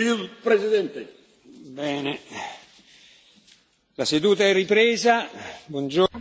il presidente. Bene. La seduta è ripresa. Buongiorno.